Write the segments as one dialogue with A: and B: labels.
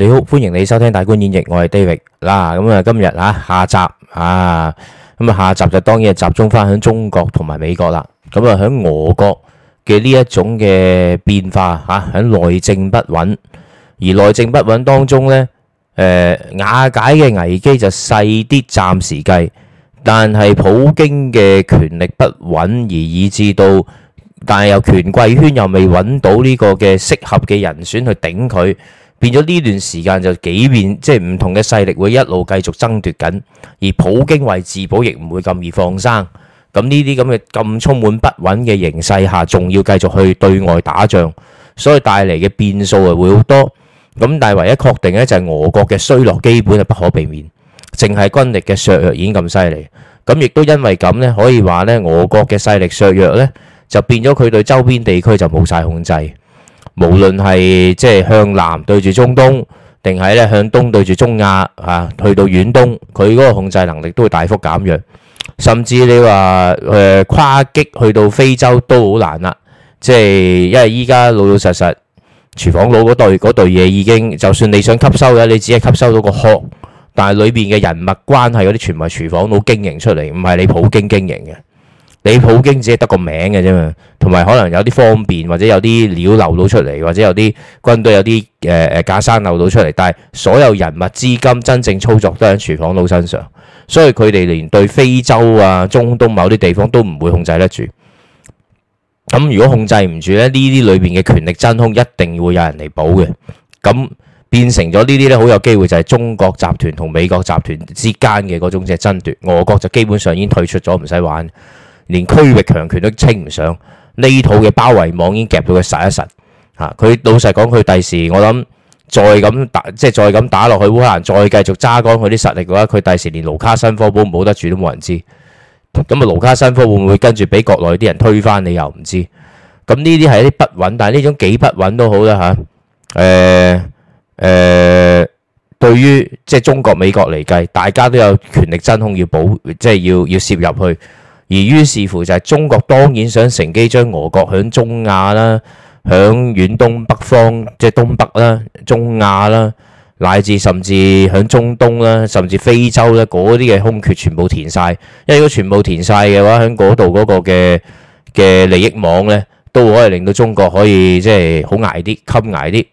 A: 你好，歡迎你收聽大觀演繹，我係 David 嗱。咁啊，今日吓下集啊，咁啊下集就當然係集中翻響中國同埋美國啦。咁啊，響俄國嘅呢一種嘅變化吓，響內政不穩，而內政不穩當中呢，誒瓦解嘅危機就細啲，暫時計，但係普京嘅權力不穩而以至到，但係又權貴圈又未揾到呢個嘅適合嘅人選去頂佢。變咗呢段時間就幾變，即係唔同嘅勢力會一路繼續爭奪緊，而普京為自保亦唔會咁易放生。咁呢啲咁嘅咁充滿不穩嘅形勢下，仲要繼續去對外打仗，所以帶嚟嘅變數啊會好多。咁但係唯一確定咧，就係俄國嘅衰落基本係不可避免，淨係軍力嘅削弱已經咁犀利。咁亦都因為咁咧，可以話咧俄國嘅勢力削弱咧，就變咗佢對周邊地區就冇晒控制。無論係即係向南對住中東，定係咧向東對住中亞，嚇、啊、去到遠東，佢嗰個控制能力都會大幅減弱。甚至你話誒、呃、跨擊去到非洲都好難啦。即係因為依家老老實實廚房佬嗰對嗰對嘢已經，就算你想吸收嘅，你只係吸收到個殼，但係裏邊嘅人物關係嗰啲，全部係廚房佬經營出嚟，唔係你普京經營嘅。你普京只係得個名嘅啫嘛，同埋可能有啲方便或者有啲料漏到出嚟，或者有啲軍隊有啲誒誒假山漏到出嚟。但係所有人物資金真正操作都喺廚房佬身上，所以佢哋連對非洲啊、中東某啲地方都唔會控制得住。咁如果控制唔住咧，呢啲裏面嘅權力真空一定會有人嚟補嘅。咁變成咗呢啲咧，好有機會就係中國集團同美國集團之間嘅嗰種即係爭奪。俄國就基本上已經退出咗，唔使玩。連區域強權都稱唔上，呢套嘅包圍網已經夾到佢實一實吓。佢老實講，佢第時我諗再咁打，即係再咁打落去烏克蘭，再繼續揸乾佢啲實力嘅話，佢第時連盧卡申科保唔保，保得住都冇人知。咁啊，盧卡申科會唔會跟住俾國內啲人推翻？你又唔知。咁呢啲係一啲不穩，但係呢種幾不穩都好啦吓。誒、呃、誒、呃，對於即係中國美國嚟計，大家都有權力真空要保，即係要要涉入去。而於是乎就係中國當然想乘機將俄國響中亞啦，響遠東北方即係東北啦、中亞啦，乃至甚至響中東啦、甚至非洲咧嗰啲嘅空缺全部填曬。因為如果全部填曬嘅話，響嗰度嗰個嘅嘅利益網咧，都可以令到中國可以即係好捱啲、襟捱啲。咁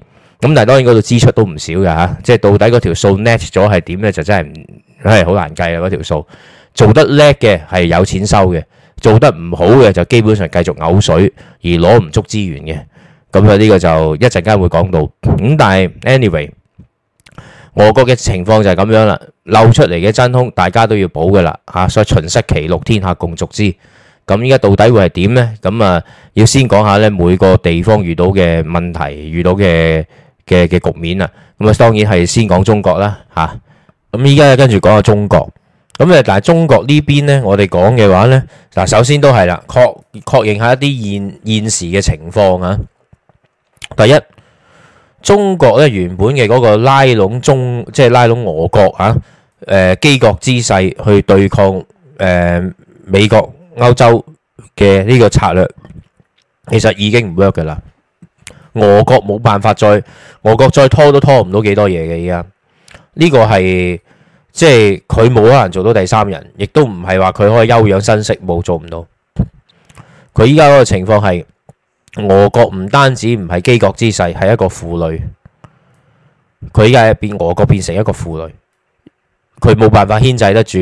A: 但係當然嗰度支出都唔少㗎吓，即係到底嗰條數 net 咗係點咧，就真係唔係好難計呀嗰條數。做得叻嘅係有錢收嘅，做得唔好嘅就基本上繼續嘔水而攞唔足資源嘅，咁啊呢個就一陣間會講到。咁但係 anyway，俄國嘅情況就係咁樣啦，漏出嚟嘅真空大家都要補噶啦嚇，所以秦失其鹿天下共逐之。咁依家到底會係點呢？咁啊要先講下咧每個地方遇到嘅問題、遇到嘅嘅嘅局面啊。咁啊當然係先講中國啦嚇。咁依家跟住講下中國。咁咧，但係中國呢邊咧，我哋講嘅話咧，嗱，首先都係啦，確確認一下一啲現現時嘅情況啊。第一，中國咧原本嘅嗰個拉攏中，即係拉攏俄國啊，誒、呃，掎角之勢去對抗誒、呃、美國歐洲嘅呢個策略，其實已經唔 work 噶啦。俄國冇辦法再，俄國再拖都拖唔到幾多嘢嘅，依家呢個係。即係佢冇可能做到第三人，亦都唔係話佢可以休養生息冇做唔到。佢依家嗰個情況係俄國唔單止唔係掎角之勢，係一個負累。佢依家變俄國變成一個負累，佢冇辦法牽制得住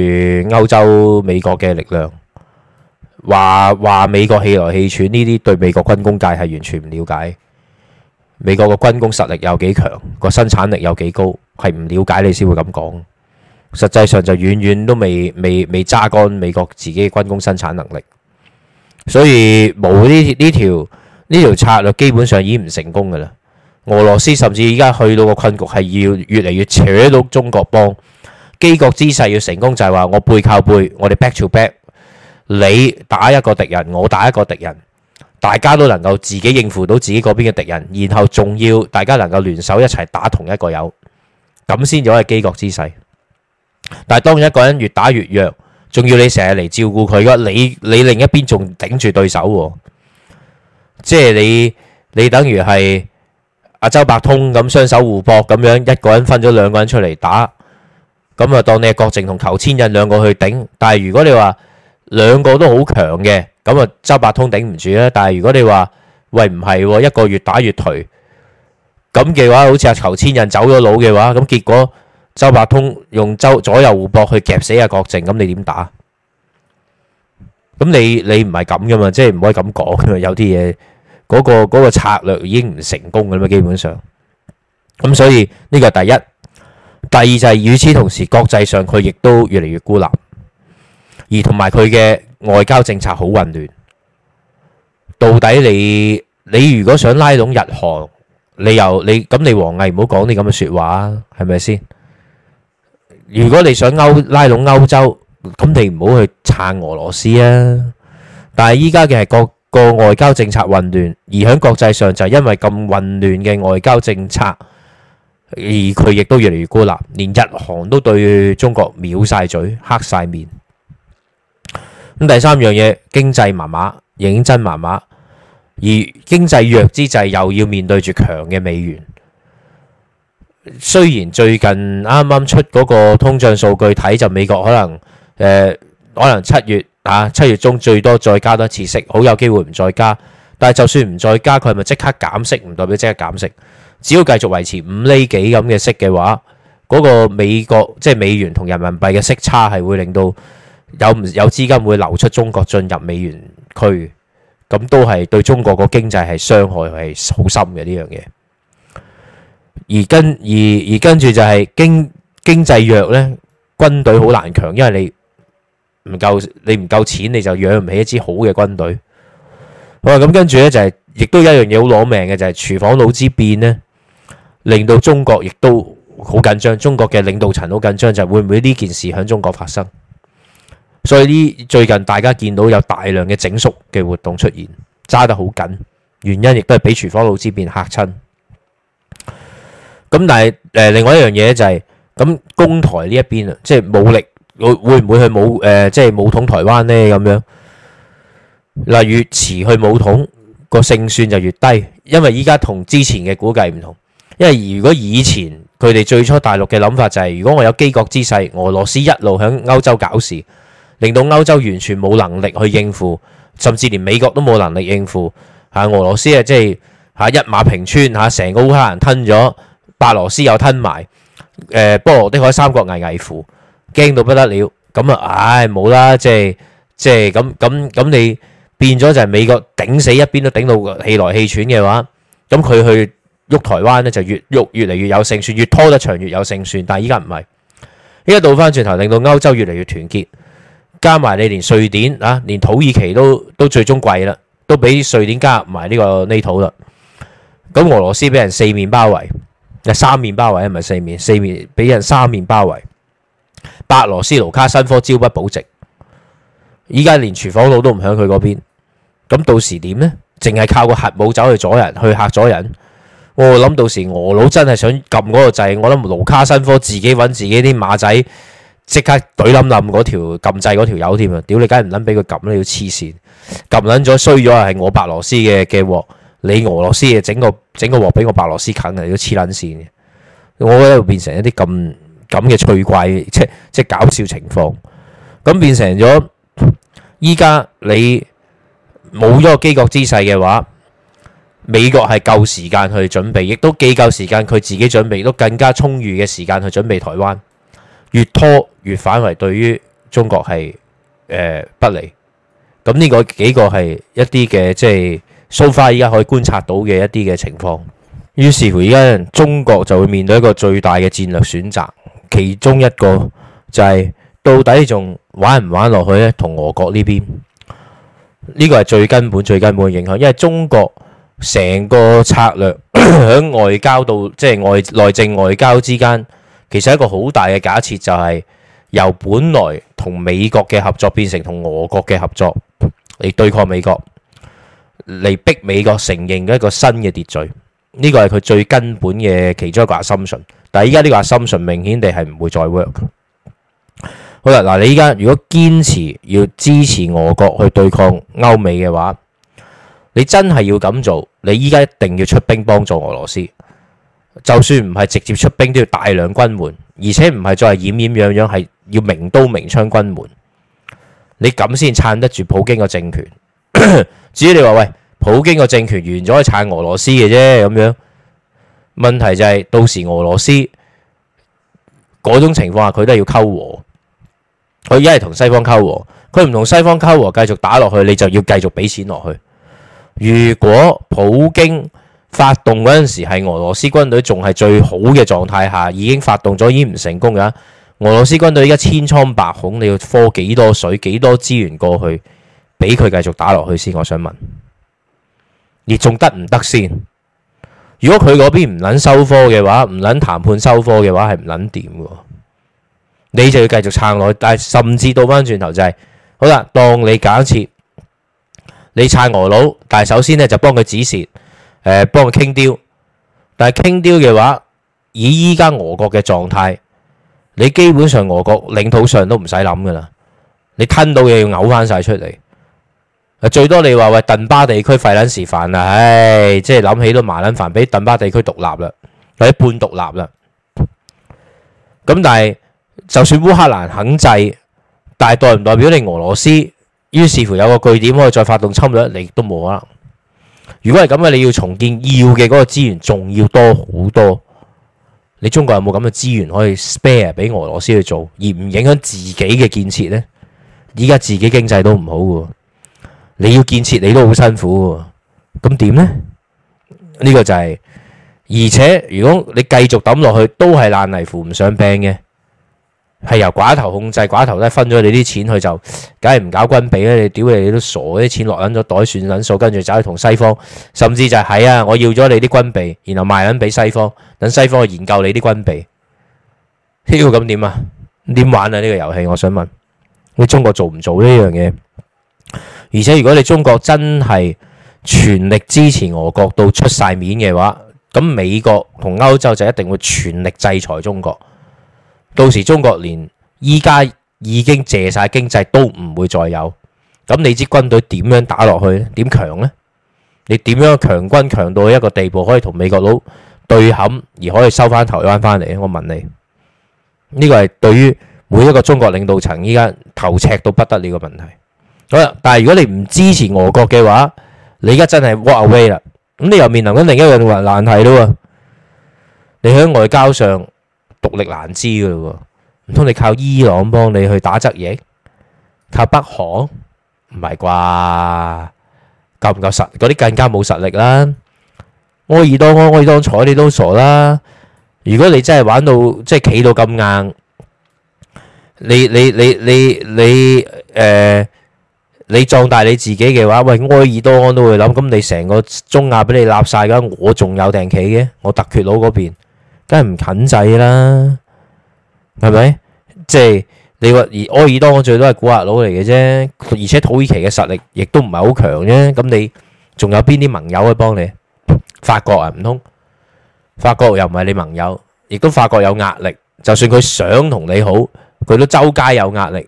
A: 歐洲美國嘅力量。話話美國氣來氣喘，呢啲對美國軍工界係完全唔了解。美國個軍工實力有幾強，個生產力有幾高，係唔了解你先會咁講。實際上就遠遠都未未未揸乾美國自己嘅軍工生產能力，所以冇呢呢條呢條策略基本上已經唔成功㗎啦。俄羅斯甚至依家去到個困局，係要越嚟越扯到中國幫。掎角之勢要成功，就係話我背靠背，我哋 back to back，你打一個敵人，我打一個敵人，大家都能夠自己應付到自己嗰邊嘅敵人，然後仲要大家能夠聯手一齊打同一個友，咁先至可以掎角之勢。但係，當一個人越打越弱，仲要你成日嚟照顧佢嘅，你你另一邊仲頂住對手喎，即係你你等於係阿周伯通咁雙手互搏咁樣，一個人分咗兩個人出嚟打，咁啊，當你係郭靖同裘千仞兩個去頂，但係如果你話兩個都好強嘅，咁啊周伯通頂唔住啦。但係如果你話喂唔係，一個越打越頹，咁嘅話，好似阿裘千仞走咗佬嘅話，咁結果。周伯通用周左右互搏去夾死阿郭靖，咁你點打？咁你你唔係咁噶嘛，即係唔可以咁講。有啲嘢，嗰個、嗰個策略已經唔成功噶啦嘛，基本上咁，所以呢個係第一，第二就係、是、與此同時，國際上佢亦都越嚟越孤立，而同埋佢嘅外交政策好混亂。到底你你如果想拉攏日韓，你又你咁你王毅唔好講啲咁嘅說話啊，係咪先？如果你想歐拉攏歐洲，咁你唔好去撐俄羅斯啊！但係依家嘅係各個外交政策混亂，而喺國際上就係因為咁混亂嘅外交政策，而佢亦都越嚟越孤立，連日韓都對中國藐晒嘴、黑晒面。咁第三樣嘢，經濟麻麻，認真麻麻，而經濟弱之際，又要面對住強嘅美元。雖然最近啱啱出嗰個通脹數據睇就美國可能誒可能七月吓，七月中最多再加多一次息，好有機會唔再加。但係就算唔再加，佢係咪即刻減息？唔代表即刻減息。只要繼續維持五厘幾咁嘅息嘅話，嗰個美國即係美元同人民幣嘅息差係會令到有有資金會流出中國進入美元區，咁都係對中國個經濟係傷害係好深嘅呢樣嘢。而跟而而跟住就係經經濟弱咧，軍隊好難強，因為你唔夠你唔夠錢，你就養唔起一支好嘅軍隊。哇、嗯！咁跟住咧就係、是，亦都有一樣嘢好攞命嘅，就係、是、廚房佬之變咧，令到中國亦都好緊張。中國嘅領導層好緊張，就係、是、會唔會呢件事喺中國發生？所以呢最近大家見到有大量嘅整肅嘅活動出現，揸得好緊，原因亦都係俾廚房佬之變吓親。咁但係誒，另外一樣嘢就係、是、咁，攻台呢一邊啊，即係武力會會唔會去武誒、呃，即係武統台灣呢？咁樣嗱，越遲去武統個勝算就越低，因為依家同之前嘅估計唔同。因為如果以前佢哋最初大陸嘅諗法就係、是，如果我有掎角之勢，俄羅斯一路響歐洲搞事，令到歐洲完全冇能力去應付，甚至連美國都冇能力應付，嚇俄羅斯啊、就是，即係嚇一馬平川嚇，成個烏克蘭吞咗。白羅斯又吞埋，誒、呃、波羅的海三國危危乎，驚到不得了。咁啊，唉冇啦，即係即係咁咁咁，你變咗就係美國頂死一邊都頂到氣來氣喘嘅話，咁佢去喐台灣咧，就越喐越嚟越，越有勝算，越拖得長越有勝算。但係依家唔係，依家倒翻轉頭，令到歐洲越嚟越團結，加埋你連瑞典啊，連土耳其都都最終跪啦，都俾瑞典加入埋呢、呢個呢、呢個、土啦。咁俄羅斯俾人四面包圍。三面包圍，係咪？四面，四面俾人三面包圍。白羅斯盧卡申科朝不保夕，依家連廚房佬都唔響佢嗰邊，咁到時點呢？淨係靠個核武走去阻人，去吓阻人。我諗到時俄佬真係想撳嗰個掣，我諗盧卡申科自己揾自己啲馬仔，即刻懟冧冧嗰條撳掣嗰條友添啊！屌你，梗唔捻俾佢撳啦，要黐線撳捻咗衰咗，係我白羅斯嘅嘅鑊。你俄羅斯啊，整個整個鑊俾我白羅斯啃啊，你都黐撚線，我覺得變成一啲咁咁嘅趣怪，即即搞笑情況。咁變成咗依家你冇咗個基國姿勢嘅話，美國係夠時間去準備，亦都幾夠時間佢自己準備，都更加充裕嘅時間去準備台灣。越拖越反為對於中國係誒、呃、不利。咁呢個幾個係一啲嘅即係。就是 So far 依家可以觀察到嘅一啲嘅情況，於是乎依家中國就會面對一個最大嘅戰略選擇，其中一個就係到底你仲玩唔玩落去咧？同俄國呢邊呢個係最根本、最根本嘅影響，因為中國成個策略喺 外交度即係外、內政外交之間，其實一個好大嘅假設就係、是、由本來同美國嘅合作變成同俄國嘅合作嚟對抗美國。嚟逼美國承認一個新嘅秩序，呢個係佢最根本嘅其中一個核心信。但係依家呢個核心信明顯地係唔會再 work。好啦，嗱，你依家如果堅持要支持俄國去對抗歐美嘅話，你真係要咁做，你依家一定要出兵幫助俄羅斯，就算唔係直接出兵，都要大量軍援，而且唔係再係掩掩揚揚，係要明刀明槍軍援，你咁先撐得住普京嘅政權。 至於你話喂，普京個政權完咗可以撐俄羅斯嘅啫咁樣，問題就係、是、到時俄羅斯嗰種情況下，佢都要溝和。佢一係係同西方溝和，佢唔同西方溝和，繼續打落去，你就要繼續俾錢落去。如果普京發動嗰陣時係俄羅斯軍隊仲係最好嘅狀態下，已經發動咗，已經唔成功㗎，俄羅斯軍隊而家千瘡百孔，你要科幾多水、幾多資源過去？俾佢繼續打落去先，我想問，你仲得唔得先？如果佢嗰邊唔撚收科嘅話，唔撚談判收科嘅話，係唔撚掂喎？你就要繼續撐落去，但係甚至到翻轉頭就係、是，好啦，當你假設你撐俄佬，但係首先呢，就幫佢止蝕，誒、呃、幫佢傾刁，但係傾刁嘅話，以依家俄國嘅狀態，你基本上俄國領土上都唔使諗噶啦，你吞到嘢要嘔翻晒出嚟。最多你話，喂，頓巴地區廢卵時煩啦。唉、哎，即係諗起都麻卵煩，俾頓巴地區獨立啦，或者半獨立啦。咁但係就算烏克蘭肯制，但係代唔代表你俄羅斯於是乎有個據點可以再發動侵略，你亦都冇可能。如果係咁嘅，你要重建，要嘅嗰個資源仲要多好多。你中國有冇咁嘅資源可以 spare 俾俄羅斯去做，而唔影響自己嘅建設呢？依家自己經濟都唔好嘅。你要建設你都好辛苦，咁點呢？呢個就係，而且如果你繼續抌落去，都係爛泥扶唔上壁嘅，係由寡頭控制，寡頭咧分咗你啲錢去就，梗係唔搞軍備啦！你屌你，你都傻啲錢落緊咗袋算捻數，跟住走去同西方，甚至就係啊，我要咗你啲軍備，然後賣緊俾西方，等西方去研究你啲軍備，呢個咁點啊？點玩啊？呢個遊戲，我想問，你中國做唔做呢樣嘢？而且如果你中國真係全力支持俄國到出晒面嘅話，咁美國同歐洲就一定會全力制裁中國。到時中國連依家已經借晒經濟都唔會再有。咁你支軍隊點樣打落去咧？點強呢？你點樣強軍強到一個地步可以同美國佬對冚而可以收翻台灣翻嚟咧？我問你，呢個係對於每一個中國領導層依家頭赤到不得了嘅問題。好啦，但係如果你唔支持俄國嘅話，你而家真係 walk away 啦。咁你又面臨緊另一樣難難題咯。你喺外交上獨力難支噶，唔通你靠伊朗幫你去打側翼，靠北韓唔係啩？夠唔夠實？嗰啲更加冇實力啦。埃爾多安，埃爾多安，你都傻啦。如果你真係玩到即係企到咁硬，你你你你你誒？你壯大你自己嘅話，喂，埃爾多安都會諗，咁你成個中亞俾你立晒噶，我仲有定企嘅，我特厥佬嗰邊，梗係唔近制啦，係咪？即係你話而埃爾多安最多係古惑佬嚟嘅啫，而且土耳其嘅實力亦都唔係好強啫，咁你仲有邊啲盟友去幫你？法國啊，唔通？法國又唔係你盟友，亦都法國有壓力，就算佢想同你好，佢都周街有壓力。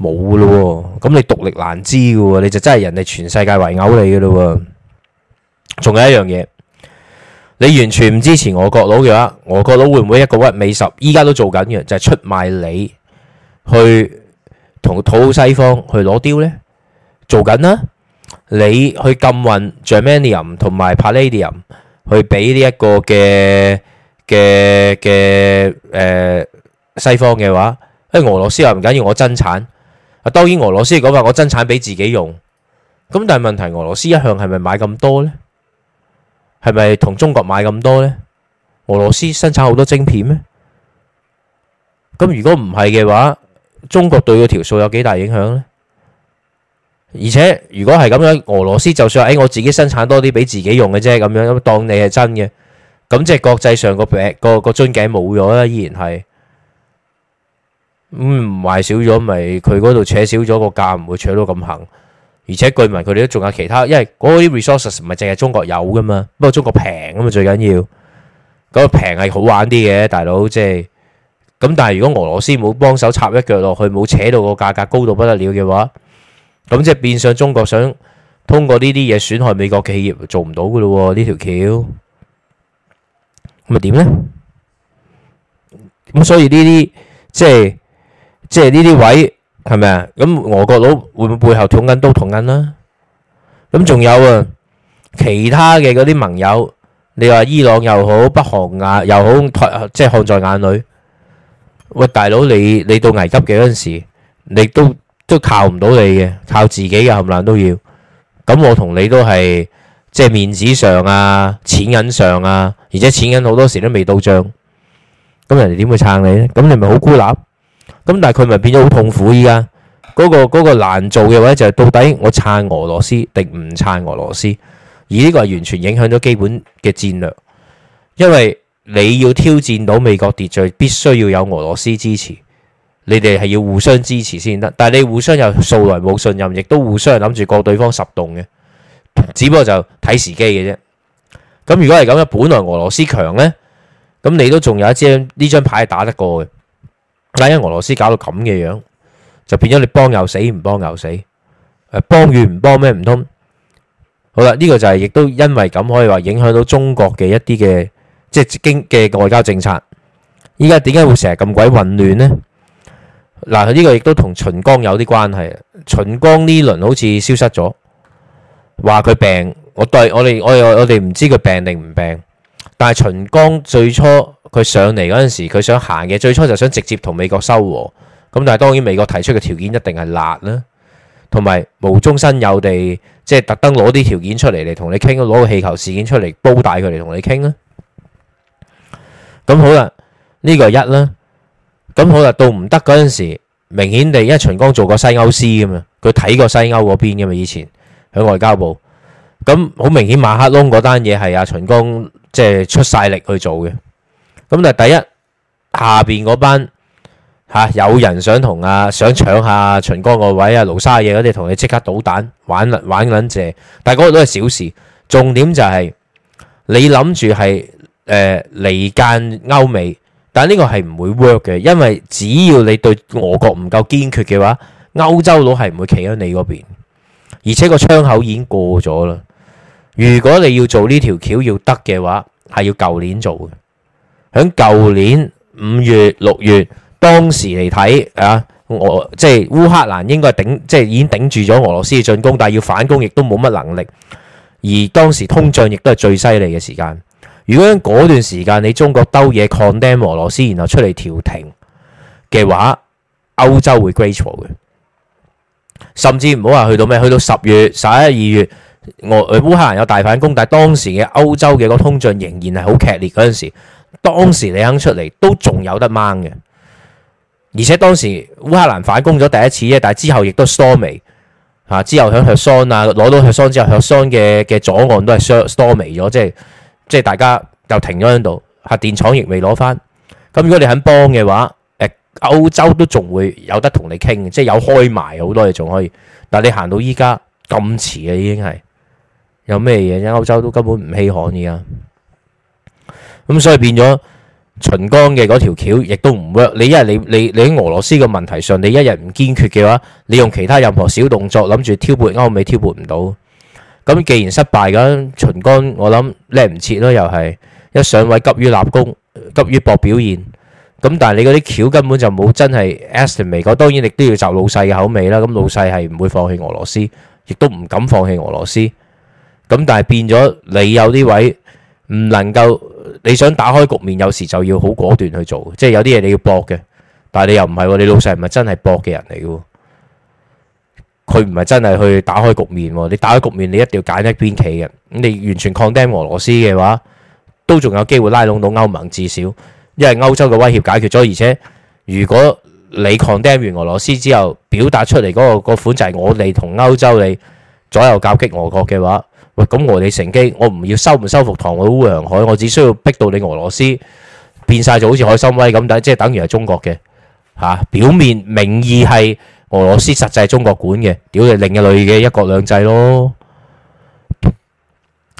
A: 冇咯喎，咁你獨力難支噶喎，你就真係人哋全世界圍毆你噶咯喎。仲有一樣嘢，你完全唔支持俄國佬嘅話，俄國佬會唔會一個屈尾十？依家都在做緊嘅就係、是、出賣你去同討好西方去攞雕呢？做緊啦。你去禁運 Germanium 同埋 Palladium 去俾呢一個嘅嘅嘅誒西方嘅話，因為俄羅斯又唔緊要，我增產。啊，當然俄羅斯講話我增產俾自己用，咁但係問題俄羅斯一向係咪買咁多呢？係咪同中國買咁多呢？俄羅斯生產好多晶片咩？咁如果唔係嘅話，中國對嗰條數有幾大影響呢？而且如果係咁樣，俄羅斯就算誒我自己生產多啲俾自己用嘅啫，咁樣當你係真嘅，咁即係國際上個餅個個樽頸冇咗啦，依然係。唔壞少咗，咪佢嗰度扯少咗個價，唔會扯到咁恒。而且據聞佢哋都仲有其他，因為嗰啲 resources 唔係淨係中國有噶嘛，不過中國平啊嘛，最緊要個平係好玩啲嘅，大佬即係咁。但係如果俄羅斯冇幫手插一腳落去，冇扯到個價格高到不得了嘅話，咁即係變相中國想通過呢啲嘢損害美國企業做唔到噶咯？呢條橋咁咪點呢？咁所以呢啲即係。即係呢啲位係咪啊？咁俄國佬會唔會背後捅緊都捅緊啦？咁仲有啊，其他嘅嗰啲盟友，你話伊朗又好，北韓啊又好，即係看在眼裏。喂，大佬，你你到危急嘅嗰陣時，你都都靠唔到你嘅，靠自己嘅冚唪唥都要。咁我同你都係即係面子上啊，錢銀上啊，而且錢銀好多時都未到帳，咁人哋點會撐你呢？咁你咪好孤立？咁但係佢咪變咗好痛苦依家嗰個嗰、嗰個難做嘅話就係到底我撐俄羅斯定唔撐俄羅斯？而呢個係完全影響咗基本嘅戰略，因為你要挑戰到美國秩序，必須要有俄羅斯支持。你哋係要互相支持先得，但係你互相又素來冇信任，亦都互相諗住過對方十洞嘅，只不過就睇時機嘅啫。咁如果係咁樣，本來俄羅斯強呢，咁你都仲有一張呢張牌打得過嘅。解因俄羅斯搞到咁嘅樣，就變咗你幫又死，唔幫又死，誒幫與唔幫咩唔通？好啦，呢個就係亦都因為咁，可以話影響到中國嘅一啲嘅即係經嘅外交政策。依家點解會成日咁鬼混亂呢？嗱，呢個亦都同秦剛有啲關係。秦剛呢輪好似消失咗，話佢病，我對我哋我又我哋唔知佢病定唔病。但係秦剛最初佢上嚟嗰陣時，佢想行嘅最初就想直接同美國收和咁，但係當然美國提出嘅條件一定係辣啦，同埋無中生有地即係特登攞啲條件出嚟嚟同你傾，攞個氣球事件出嚟煲大佢嚟同你傾啦。咁好啦，呢個一啦。咁好啦，到唔得嗰陣時，明顯地，因為秦剛做過西歐司㗎嘛，佢睇過西歐嗰邊噶嘛，以前喺外交部咁。好明顯，馬克龍嗰單嘢係阿秦剛。即係出晒力去做嘅，咁但係第一下邊嗰班吓、啊、有人想同阿想搶下秦剛個位啊、盧沙野嗰啲，同你即刻倒彈玩玩撚謝，但係嗰個都係小事，重點就係、是、你諗住係誒離間歐美，但係呢個係唔會 work 嘅，因為只要你對俄國唔夠堅決嘅話，歐洲佬係唔會企喺你嗰邊，而且個窗口已經過咗啦。如果你要做呢條橋要得嘅話，係要舊年做嘅。響舊年五月六月當時嚟睇啊，俄即係烏克蘭應該係頂，即係已經頂住咗俄羅斯嘅進攻，但係要反攻亦都冇乜能力。而當時通脹亦都係最犀利嘅時間。如果喺嗰段時間你中國兜嘢 condemn 俄羅斯，然後出嚟調停嘅話，歐洲會 grateful 嘅，甚至唔好話去到咩，去到十月十一二月。我誒，烏克蘭有大反攻，但係當時嘅歐洲嘅個通脹仍然係好劇烈嗰陣時，當時你肯出嚟，都仲有得掹嘅，而且當時烏克蘭反攻咗第一次啫，但係之後亦都收尾，啊，吓之後響赫桑啊，攞到赫桑之後，赫桑嘅嘅左岸都係收收尾咗，即係即係大家就停咗喺度，核電廠亦未攞翻。咁如果你肯幫嘅話，誒，歐洲都仲會有得同你傾，即係有開埋好多嘢仲可以，但係你行到依家咁遲啊，已經係。有咩嘢？歐洲都根本唔稀罕而家，咁所以變咗秦剛嘅嗰條橋亦都唔 work。你一日你你你喺俄羅斯嘅問題上，你一日唔堅決嘅話，你用其他任何小動作諗住挑撥歐美，挑撥唔到。咁既然失敗咁，秦剛我諗叻唔切咯，又係一上位急於立功，急於搏表現。咁但係你嗰啲橋根本就冇真係 estimate 過。當然你都要就老細嘅口味啦。咁老細係唔會放棄俄羅斯，亦都唔敢放棄俄羅斯。咁但係變咗，你有啲位唔能夠，你想打開局面，有時就要好果斷去做，即係有啲嘢你要搏嘅。但係你又唔係你老細，唔係真係搏嘅人嚟嘅。佢唔係真係去打開局面。你打開局面，你一定要揀一邊企嘅。咁你完全抗 o 俄羅斯嘅話，都仲有機會拉攏到歐盟，至少因為歐洲嘅威脅解決咗。而且如果你抗 o 完俄羅斯之後，表達出嚟嗰、那個那個款就係我哋同歐洲你左右交擊俄國嘅話。咁我哋乘機，我唔要收唔收復唐努烏梁海，我只需要逼到你俄羅斯變晒就好似海參崴咁，但即係等於係中國嘅嚇、啊。表面名義係俄羅斯，實際係中國管嘅，屌你另一類嘅一國兩制咯。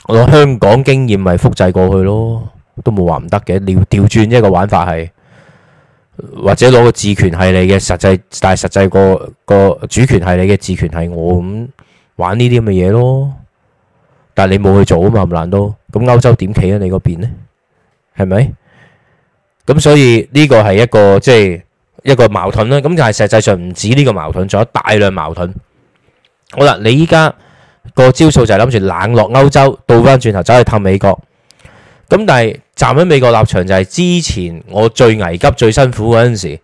A: 攞、啊、香港經驗咪複製過去咯，都冇話唔得嘅。調調轉一個玩法係，或者攞個治權係你嘅，實際但係實際個個主權係你嘅，治權係我咁玩呢啲咁嘅嘢咯。但你冇去做啊嘛，唔難到。咁歐洲點企喺你嗰邊呢，係咪？咁所以呢個係一個即係一個矛盾啦。咁但係實際上唔止呢個矛盾，仲有大量矛盾。好啦，你依家個招數就係諗住冷落歐洲，倒翻轉頭走去氹美國。咁但係站喺美國立場就係之前我最危急、最辛苦嗰陣時。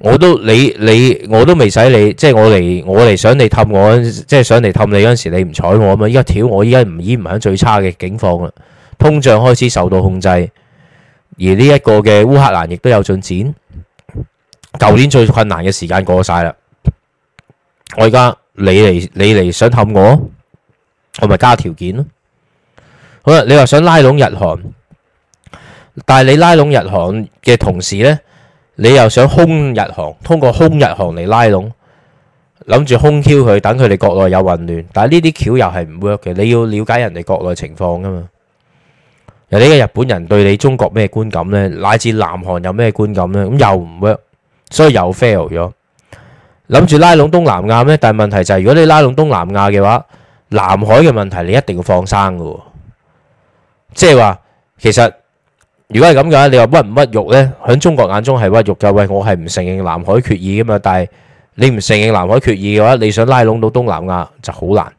A: 我都你你我都未使你，即係我嚟我嚟想你氹我，即係想嚟氹你嗰陣時，你唔睬我啊嘛！依家，屌我依家唔已唔喺最差嘅境況啦，通脹開始受到控制，而呢一個嘅烏克蘭亦都有進展，舊年最困難嘅時間過晒啦，我而家你嚟你嚟想氹我，我咪加條件咯。好啦，你話想拉攏日韓，但係你拉攏日韓嘅同時呢。你又想空日航，通過空日航嚟拉攏，諗住空 Q 佢，等佢哋國內有混亂，但係呢啲橋又係唔 work 嘅，你要了解人哋國內情況噶嘛？又呢個日本人對你中國咩觀感呢，乃至南韓有咩觀感呢，咁又唔 work，所以又 fail 咗。諗住拉攏東南亞咩？但係問題就係如果你拉攏東南亞嘅話，南海嘅問題你一定要放生噶，即係話其實。如果係咁嘅，你話屈唔屈辱呢？喺中國眼中係屈辱噶。喂，我係唔承認南海決議噶嘛？但係你唔承認南海決議嘅話，你想拉攏到東南亞就好難。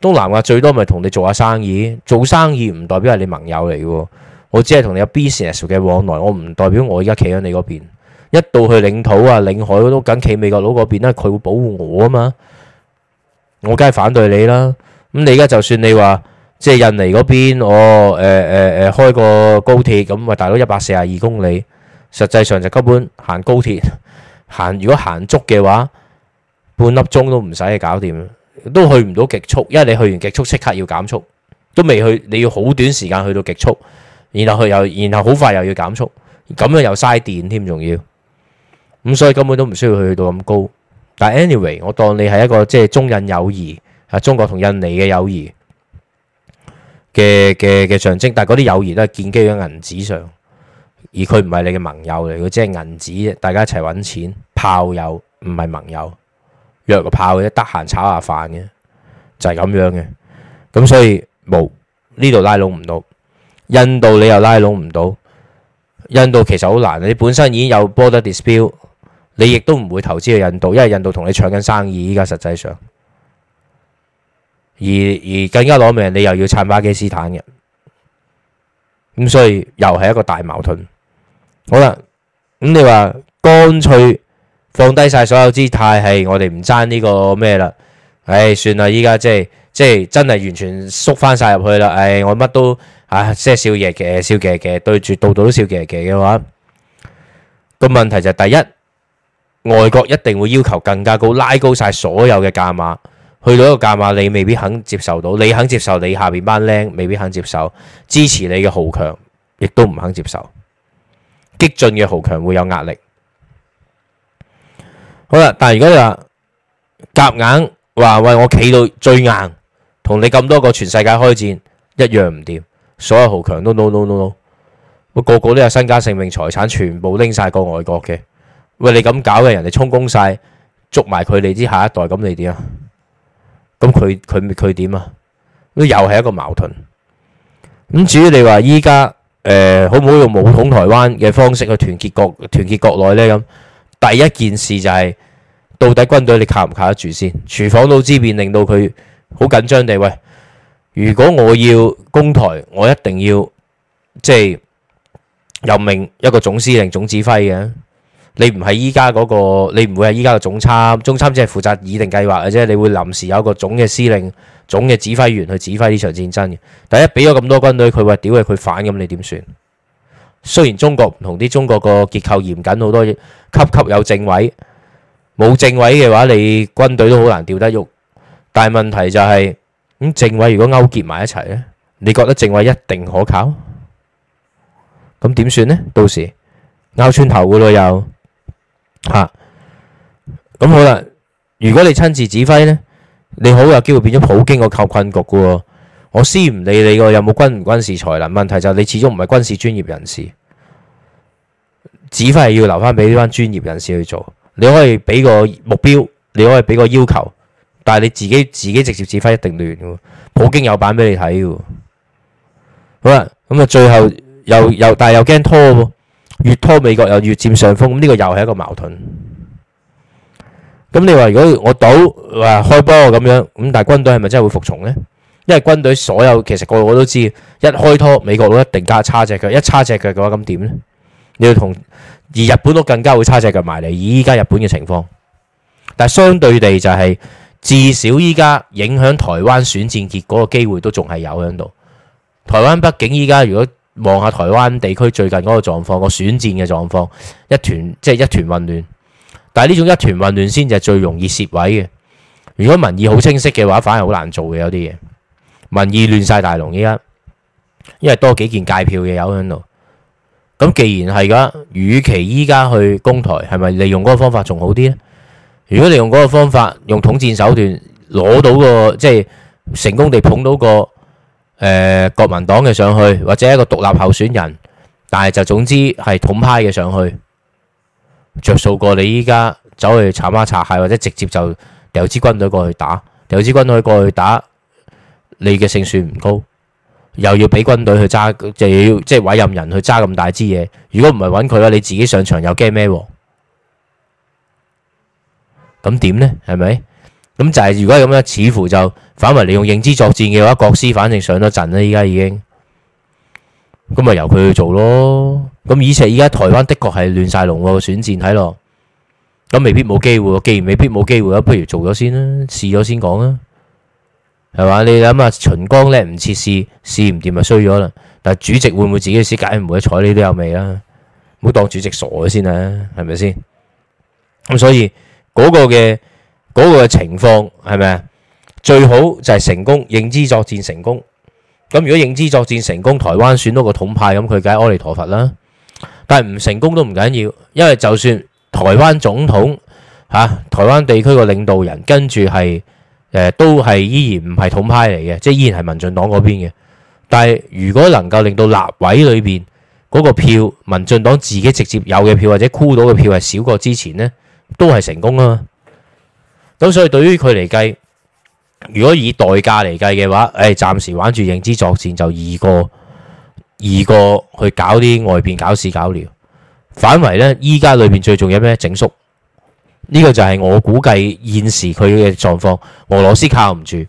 A: 東南亞最多咪同你做下生意，做生意唔代表係你盟友嚟噶。我只係同你有 business 嘅往來，我唔代表我而家企喺你嗰邊。一到去領土啊、領海都梗企美國佬嗰邊啦，佢會保護我啊嘛。我梗係反對你啦。咁你而家就算你話。即係印尼嗰邊，我誒誒誒開個高鐵，咁咪大概一百四十二公里。實際上就根本行高鐵，行如果行足嘅話，半粒鐘都唔使去搞掂，都去唔到極速，因為你去完極速即刻要減速，都未去你要好短時間去到極速，然後去又然後好快又要減速，咁樣又嘥電添，仲要。咁所以根本都唔需要去到咁高。但係 anyway，我當你係一個即係中印友誼，啊中國同印尼嘅友誼。嘅嘅嘅象徵，但係嗰啲友誼都係建基喺銀紙上，而佢唔係你嘅盟友嚟，佢只係銀紙，大家一齊揾錢，炮友唔係盟友，約個炮嘅，得閒炒下飯嘅，就係、是、咁樣嘅，咁所以冇呢度拉攏唔到，印度你又拉攏唔到，印度其實好難，你本身已經有 border dispute，你亦都唔會投資去印度，因為印度同你搶緊生意，依家實際上。而而更加攞命，你又要撐巴基斯坦嘅，咁所以又係一個大矛盾。好啦，咁你話乾脆放低晒所有姿態，係我哋唔爭呢個咩啦、哎哎？唉，算啦，依家即係即係真係完全縮翻晒入去啦。唉，我乜都啊，即係笑嘅嘅笑嘅嘅，對住到度都笑嘅嘅嘅話，個問題就第一，外國一定會要求更加高，拉高晒所有嘅價碼，去到一個價碼，你未必肯接受到。你肯接受，你下邊班僆未必肯接受。支持你嘅豪強亦都唔肯接受激進嘅豪強會有壓力。好啦，但係如果你話夾硬話喂，我企到最硬，同你咁多個全世界開戰一樣唔掂，所有豪強都 no, no no no no，個個都有身家性命財產，全部拎晒過外國嘅。喂，你咁搞嘅人哋充公晒，捉埋佢哋之下一代，咁你點啊？咁佢佢佢點啊？都又係一個矛盾。咁至於你話依家誒好唔好用武統台灣嘅方式去團結國團結國內咧？咁第一件事就係到底軍隊你靠唔靠得住先？廚房都知變，令到佢好緊張地，喂，如果我要攻台，我一定要即係任命一個總司令、總指揮嘅。你唔係依家嗰個，你唔會係依家個總參，總參只係負責擬定計劃嘅啫。你會臨時有一個總嘅司令、總嘅指揮員去指揮呢場戰爭嘅。第一俾咗咁多軍隊，佢話，屌嘅佢反，咁你點算？雖然中國唔同啲，中國個結構嚴謹好多嘢，級級有政委，冇政委嘅話，你軍隊都好難調得喐。但係問題就係，咁政委如果勾結埋一齊咧，你覺得政委一定可靠？咁點算咧？到時勾穿頭噶咯又。吓，咁、啊、好啦。如果你親自指揮呢，你好有機會變咗普京個構困局噶。我先唔理你個有冇軍唔軍事才能，問題就係你始終唔係軍事專業人士，指揮係要留翻俾呢班專業人士去做。你可以俾個目標，你可以俾個要求，但係你自己自己直接指揮一定亂噶。普京有版俾你睇噶。好啦，咁啊，最後又又，又但係又驚拖喎。越拖美國又越佔上風，咁呢個又係一個矛盾。咁你話如果我倒話開波咁樣，咁但係軍隊係咪真係會服從呢？因為軍隊所有其實個個都知，一開拖美國都一定加差隻腳，一差隻腳嘅話咁點呢？你要同而日本都更加會差隻腳埋嚟。以依家日本嘅情況，但相對地就係，至少依家影響台灣選戰結果嘅機會都仲係有喺度。台灣畢竟依家如果。望下台灣地區最近嗰個狀況，個選戰嘅狀況，一團即係、就是、一團混亂。但係呢種一團混亂先至係最容易蝕位嘅。如果民意好清晰嘅話，反而好難做嘅有啲嘢。民意亂晒大龍，依家因為多幾件界票嘅，有喺度。咁既然係噶，與其依家去攻台，係咪利用嗰個方法仲好啲咧？如果你用嗰個方法，用統戰手段攞到個即係成功地捧到個。誒、呃，國民黨嘅上去，或者一個獨立候選人，但係就總之係統派嘅上去，着數過你依家走去查媽查閪，或者直接就調支軍隊過去打，調支軍隊過去打，你嘅勝算唔高，又要畀軍隊去揸，就要、是、即委任人去揸咁大支嘢，如果唔係揾佢啦，你自己上場又驚咩？咁點呢？係咪？咁就係如果咁樣，似乎就反為利用認知作戰嘅話，國師反正上咗陣啦，依家已經咁咪由佢去做咯。咁以前依家台灣的確係亂晒龍喎，選戰睇落咁未必冇機會，既然未必冇機會啊，不如做咗先啦，試咗先講啦，係嘛？你諗下，秦光咧唔切試試唔掂咪衰咗啦。但係主席會唔會自己試揀唔起睬你都有味啦，唔好當主席傻咗先啊，係咪先？咁所以嗰個嘅。嗰個情況係咪啊？最好就係成功認知作戰成功。咁如果認知作戰成功，台灣選到個統派咁，佢梗係阿彌陀佛啦。但係唔成功都唔緊要，因為就算台灣總統嚇、啊、台灣地區嘅領導人跟住係誒，都係依然唔係統派嚟嘅，即係依然係民進黨嗰邊嘅。但係如果能夠令到立委裏邊嗰個票，民進黨自己直接有嘅票或者箍到嘅票係少過之前呢，都係成功啊嘛。咁所以對於佢嚟計，如果以代價嚟計嘅話，誒、哎、暫時玩住認知作戰就易過，易過去搞啲外邊搞事搞料。反為呢，依家裏邊最重要係咩？整肅呢、這個就係我估計現時佢嘅狀況。俄羅斯靠唔住，誒、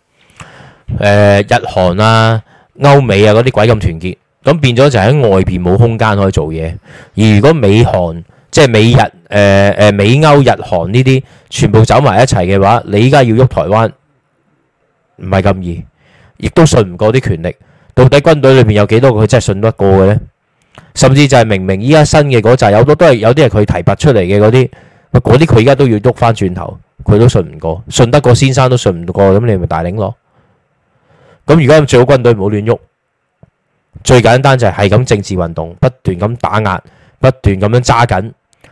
A: 呃、日韓啊、歐美啊嗰啲鬼咁團結，咁變咗就喺外邊冇空間可以做嘢。而如果美韓即係美日，誒誒、呃呃、美歐日韓呢啲全部走埋一齊嘅話，你依家要喐台灣唔係咁易，亦都信唔過啲權力。到底軍隊裏面有幾多個佢真係信得過嘅呢？甚至就係明明依家新嘅嗰陣有都都係有啲係佢提拔出嚟嘅嗰啲，嗰啲佢依家都要喐翻轉頭，佢都信唔過，信得過先生都信唔過，咁你咪大領咯。咁如果最好軍隊唔好亂喐，最簡單就係係咁政治運動不斷咁打壓，不斷咁樣揸緊。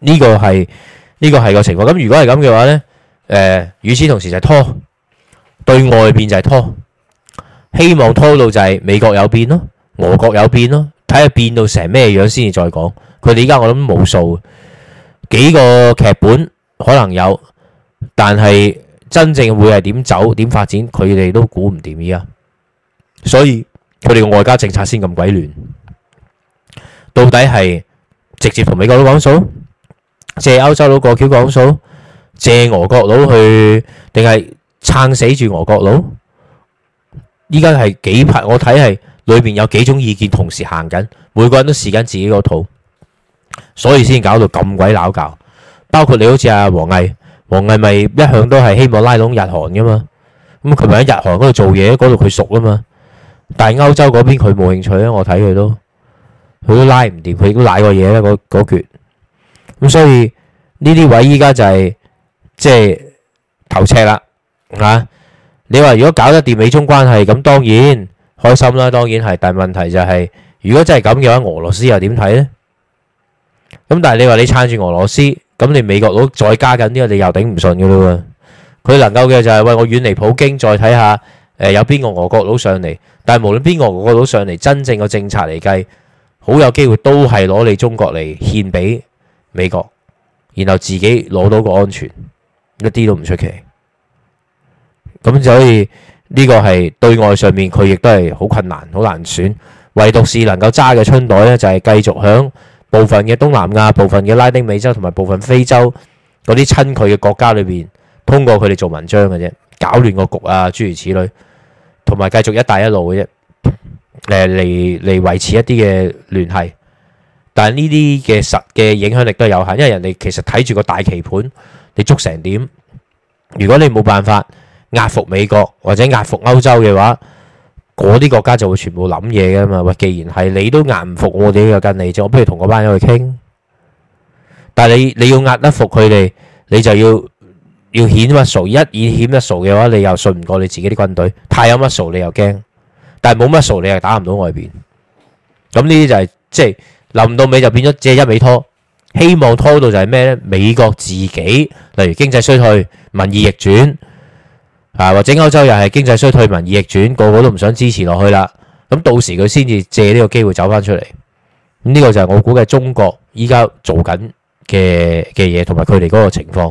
A: 呢個係呢個係個情況。咁如果係咁嘅話呢，誒、呃，與此同時就係拖對外邊就係拖，希望拖到就係美國有變咯，俄國有變咯，睇下變到成咩樣先至再講。佢哋依家我諗冇數幾個劇本可能有，但係真正會係點走點發展，佢哋都估唔掂依家。所以佢哋外交政策先咁鬼亂，到底係直接同美國佬講數？借歐洲佬過橋講數，借俄國佬去，定係撐死住俄國佬？依家係幾派？我睇係裏邊有幾種意見同時行緊，每個人都試緊自己個套，所以先搞到咁鬼鬧交。包括你好似阿王毅，王毅咪一向都係希望拉攏日韓噶嘛。咁佢咪喺日韓嗰度做嘢，嗰度佢熟啊嘛。但係歐洲嗰邊佢冇興趣啊，我睇佢都，佢都拉唔掂，佢都舐過嘢啦，嗰嗰橛。咁所以呢啲位依家就係即係頭赤啦嚇。你話如果搞得掂美中關係，咁當然開心啦，當然係。但問題就係如果真係咁嘅話，俄羅斯又點睇呢？咁但係你話你撐住俄羅斯，咁你美國佬再加緊啲，你又頂唔順噶啦喎。佢能夠嘅就係喂，我遠離普京，再睇下誒有邊個俄國佬上嚟。但係無論邊個俄國佬上嚟，真正嘅政策嚟計，好有機會都係攞你中國嚟獻俾美國，然後自己攞到個安全，一啲都唔出奇。咁所以呢、呢個係對外上面，佢亦都係好困難，好難選。唯獨是能夠揸嘅春袋呢就係、是、繼續響部分嘅東南亞、部分嘅拉丁美洲同埋部分非洲嗰啲親佢嘅國家裏邊，通過佢哋做文章嘅啫，搞亂個局啊，諸如此類，同埋繼續一帶一路嘅啫，嚟嚟維持一啲嘅聯繫。但係呢啲嘅實嘅影響力都有限，因為人哋其實睇住個大棋盤，你捉成點。如果你冇辦法壓服美國或者壓服歐洲嘅話，嗰啲國家就會全部諗嘢噶嘛。喂，既然係你都壓唔服我哋，又跟你啫，我不如同嗰班友去傾。但係你你要壓得服佢哋，你就要要顯乜。數一以顯一數嘅話，你又信唔過你自己啲軍隊太有乜數，你又驚。但係冇乜數，你又打唔到外邊。咁呢啲就係即係。臨到尾就變咗借一尾拖，希望拖到就係咩呢？美國自己例如經濟衰退，民意逆轉，啊，或者歐洲又係經濟衰退，民意逆轉，個個都唔想支持落去啦。咁到時佢先至借呢個機會走翻出嚟。咁呢個就係我估計中國依家做緊嘅嘅嘢，同埋佢哋嗰個情況。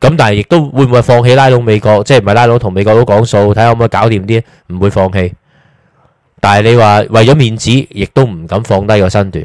A: 咁但係亦都會唔會放棄拉攏美國？即係唔係拉攏同美國佬講數，睇下可唔可以搞掂啲？唔會放棄，但係你話為咗面子，亦都唔敢放低個身段。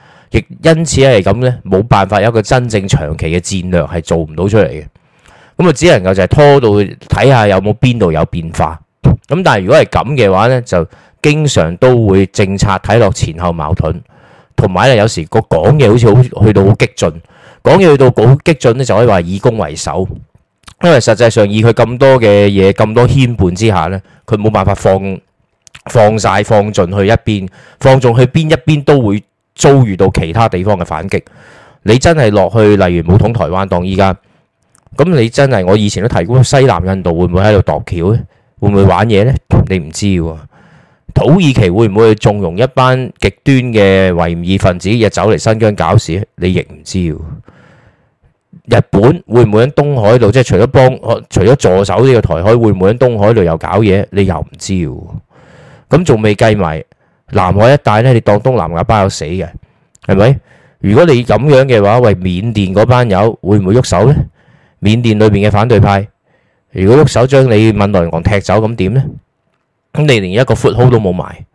A: 亦因此係咁咧，冇辦法有一個真正長期嘅戰略係做唔到出嚟嘅，咁啊只能夠就係拖到去睇下有冇邊度有變化。咁但係如果係咁嘅話咧，就經常都會政策睇落前後矛盾，同埋咧有時個講嘢好似好去到好激進，講嘢去到好激進咧就可以話以攻為守，因為實際上以佢咁多嘅嘢咁多牽絆之下咧，佢冇辦法放放曬放進去一邊，放進去邊一邊都會。遭遇到其他地方嘅反擊，你真係落去，例如武統台灣當依家，咁你真係我以前都提過，西南印度會唔會喺度度橋咧？會唔會玩嘢咧？你唔知喎。土耳其會唔會縱容一班極端嘅維吾爾分子又走嚟新疆搞事咧？你亦唔知喎。日本會唔會喺東海度，即係除咗幫，除咗助手呢個台海，會唔會喺東海度又搞嘢？你又唔知喎。咁仲未計埋，南海一帶咧，你當東南亞班友死嘅，係咪？如果你咁樣嘅話，喂，緬甸嗰班友會唔會喐手呢？緬甸裏邊嘅反對派，如果喐手將你敏昂萊踢走，咁點呢？咁你連一個 foothold 都冇埋，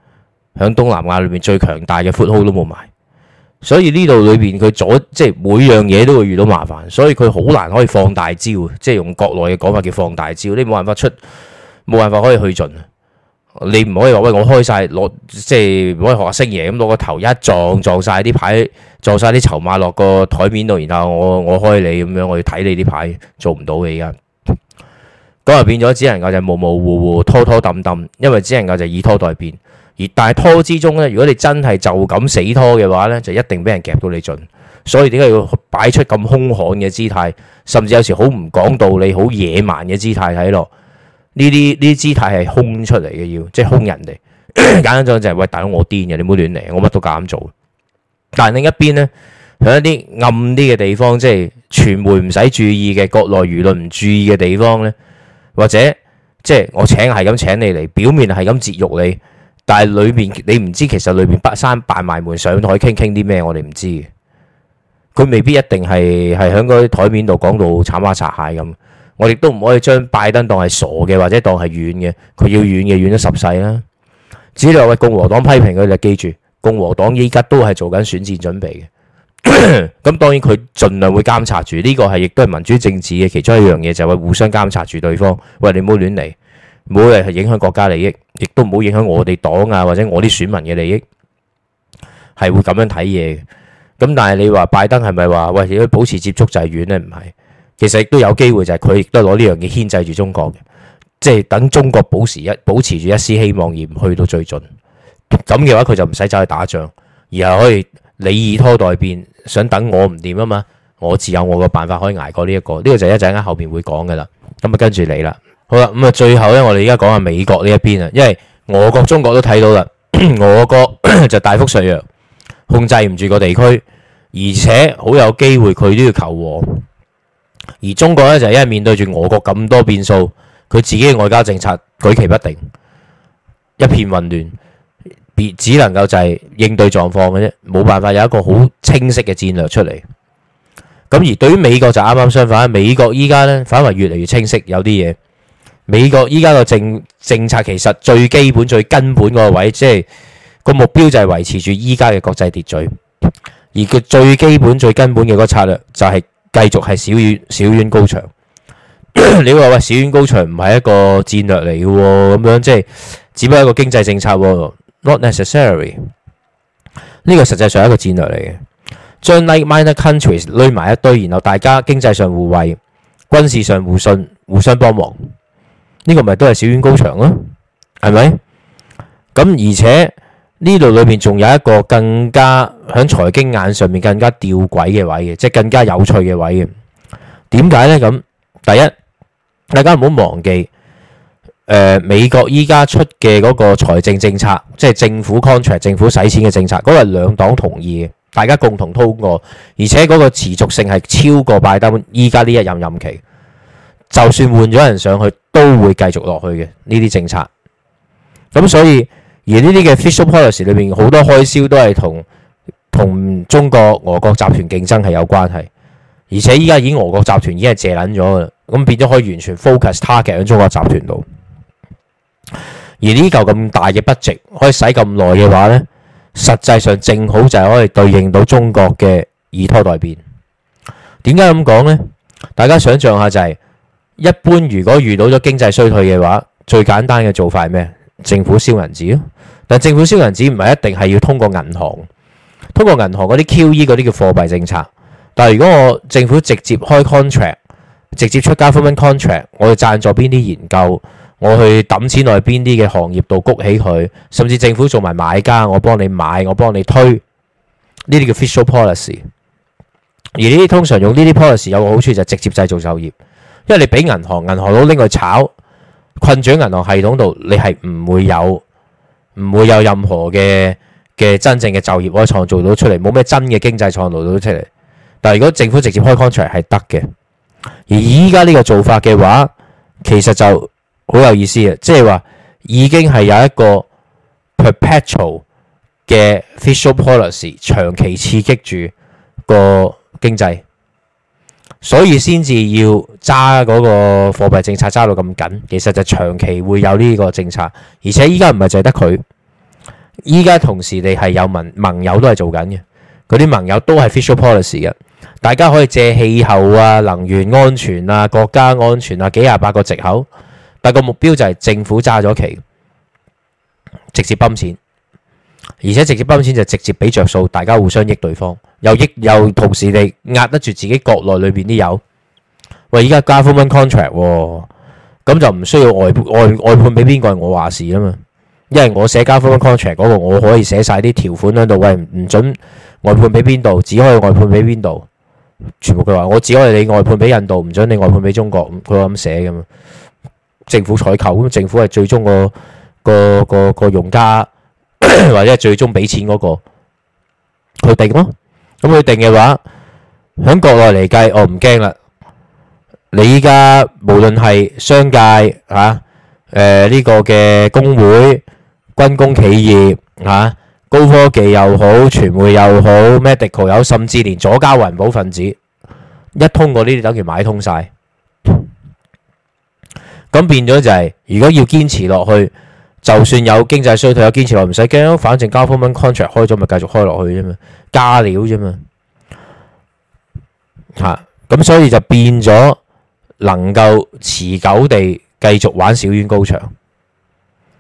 A: 響東南亞裏邊最強大嘅 foothold 都冇埋，所以呢度裏邊佢左即係每樣嘢都會遇到麻煩，所以佢好難可以放大招，即係用國內嘅講法叫放大招，你冇辦法出，冇辦法可以去盡啊！你唔可以話喂，我開晒攞，即係唔可以學阿星爺咁攞個頭一撞撞晒啲牌，撞晒啲籌碼落個台面度，然後我我開你咁樣，我要睇你啲牌做唔到嘅而家，咁啊變咗只能夠就模模糊糊拖拖抌抌，因為只能夠就以拖代變。而但係拖之中咧，如果你真係就咁死拖嘅話咧，就一定俾人夾到你盡。所以點解要擺出咁兇悍嘅姿態，甚至有時好唔講道理、好野蠻嘅姿態睇落？呢啲呢啲姿態係空出嚟嘅，要即係兇人哋。 簡單講就係、是：喂，大佬我癲嘅，你唔好亂嚟，我乜都敢做。但係另一邊呢，喺一啲暗啲嘅地方，即係傳媒唔使注意嘅，國內輿論唔注意嘅地方呢，或者即係我請係咁請你嚟，表面係咁節辱你，但係裏面你唔知其實裏面不三扮埋門上台傾傾啲咩，我哋唔知嘅。佢未必一定係係喺嗰啲台面度講到慘蛙擦蟹咁。我亦都唔可以將拜登當係傻嘅，或者當係軟嘅。佢要軟嘅，軟咗十世啦。只要有位共和黨批評佢，就記住共和黨依家都係做緊選戰準備嘅。咁 當然佢盡量會監察住呢個係，亦都係民主政治嘅其中一樣嘢，就會互相監察住對方。喂，你唔好亂嚟，唔好嚟影響國家利益，亦都唔好影響我哋黨啊，或者我啲選民嘅利益，係會咁樣睇嘢嘅。咁但係你話拜登係咪話喂如果保持接觸就係軟咧？唔係。其實都有機會，就係佢亦都攞呢樣嘢牽制住中國嘅，即係等中國保持一保持住一絲希望而唔去到最盡咁嘅話，佢就唔使走去打仗，而係可以你以拖待變，想等我唔掂啊嘛，我自有我個辦法可以捱過呢、這、一個。呢、這個就一陣間後邊會講噶啦。咁啊，跟住你啦，好啦，咁、嗯、啊，最後咧，我哋而家講下美國呢一邊啊，因為俄國中國都睇到啦， 俄國 就係、大幅削弱，控制唔住個地區，而且好有機會佢都要求和。而中國咧就係因為面對住俄國咁多變數，佢自己嘅外交政策舉棋不定，一片混亂，變只能夠就係應對狀況嘅啫，冇辦法有一個好清晰嘅戰略出嚟。咁而對於美國就啱啱相反，美國依家咧反而越嚟越清晰，有啲嘢美國依家個政政策其實最基本最根本嗰個位，即係個目標就係維持住依家嘅國際秩序，而佢最基本最根本嘅嗰個策略就係、是。繼續係小院小院高牆。你話喂小院高牆唔係一個戰略嚟嘅喎，咁樣即係只不過一個經濟政策、哦、not necessary。呢個實際上係一個戰略嚟嘅，將 like minor countries 攣埋一堆，然後大家經濟上互惠、軍事上互信、互相幫忙，呢個咪都係小院高牆咯、啊，係咪？咁而且。呢度裏面仲有一個更加響財經眼上面更加吊詭嘅位嘅，即係更加有趣嘅位嘅。點解呢？咁第一，大家唔好忘記，呃、美國依家出嘅嗰個財政政策，即係政府 contract、政府使錢嘅政策，嗰、那個係兩黨同意嘅，大家共同通過，而且嗰個持續性係超過拜登依家呢一任任期。就算換咗人上去，都會繼續落去嘅呢啲政策。咁所以。而呢啲嘅 fiscal policy 裏面好多開銷都係同同中國俄國集團競爭係有關係，而且依家已經俄國集團已經係借撚咗啦，咁變咗可以完全 focus target 喺中國集團度。而呢嚿咁大嘅筆值可以使咁耐嘅話呢，實際上正好就係可以對應到中國嘅以拖待變。點解咁講呢？大家想象下就係、是、一般如果遇到咗經濟衰退嘅話，最簡單嘅做法係咩？政府燒銀紙，但政府燒銀紙唔係一定係要通過銀行，通過銀行嗰啲 QE 嗰啲叫貨幣政策。但係如果我政府直接開 contract，直接出 government contract，我去贊助邊啲研究，我去揼錢落去邊啲嘅行業度谷起佢，甚至政府做埋買家，我幫你買，我幫你推，呢啲叫 fiscal policy 而。而呢啲通常用呢啲 policy 有個好處就係直接製造就業，因為你俾銀行銀行佬拎去炒。困住銀行系統度，你係唔會有，唔會有任何嘅嘅真正嘅就業可以創造到出嚟，冇咩真嘅經濟創造到出嚟。但係如果政府直接開 contract 係得嘅，而依家呢個做法嘅話，其實就好有意思嘅，即係話已經係有一個 perpetual 嘅 fiscal policy 長期刺激住個經濟。所以先至要揸嗰個貨幣政策揸到咁緊，其實就長期會有呢個政策，而且依家唔係淨係得佢，依家同時地係有盟盟友都係做緊嘅，嗰啲盟友都係 fiscal policy 嘅，大家可以借氣候啊、能源安全啊、國家安全啊，幾廿八個籍口，但個目標就係政府揸咗期，直接泵錢，而且直接泵錢就直接俾着數，大家互相益對方。又益又同時地壓得住自己國內裏邊啲友喂。依家加封文 contract 咁就唔需要外外外判俾邊個，係我話事啊嘛。因為我寫加封文 contract 嗰個，我可以寫晒啲條款喺度喂，唔准外判俾邊度，只可以外判俾邊度。全部佢話我只可以你外判俾印度，唔准你外判俾中國。佢咁寫㗎嘛。政府採購咁，政府係最終個個個，個用家 或者係最終俾錢嗰個佢定咯。咁佢定嘅話，喺國內嚟計，我唔驚啦。你依家無論係商界吓，誒呢個嘅工會、軍工企業吓、高科技又好、傳媒又好、medical 又好，甚至連左家環保分子，一通過呢啲等於買通晒。咁變咗就係，如果要堅持落去。就算有經濟衰退，有堅持我唔使驚，反正交鋪板 contract 開咗咪繼續開落去啫嘛，加料啫嘛嚇，咁、啊、所以就變咗能夠持久地繼續玩小院高牆，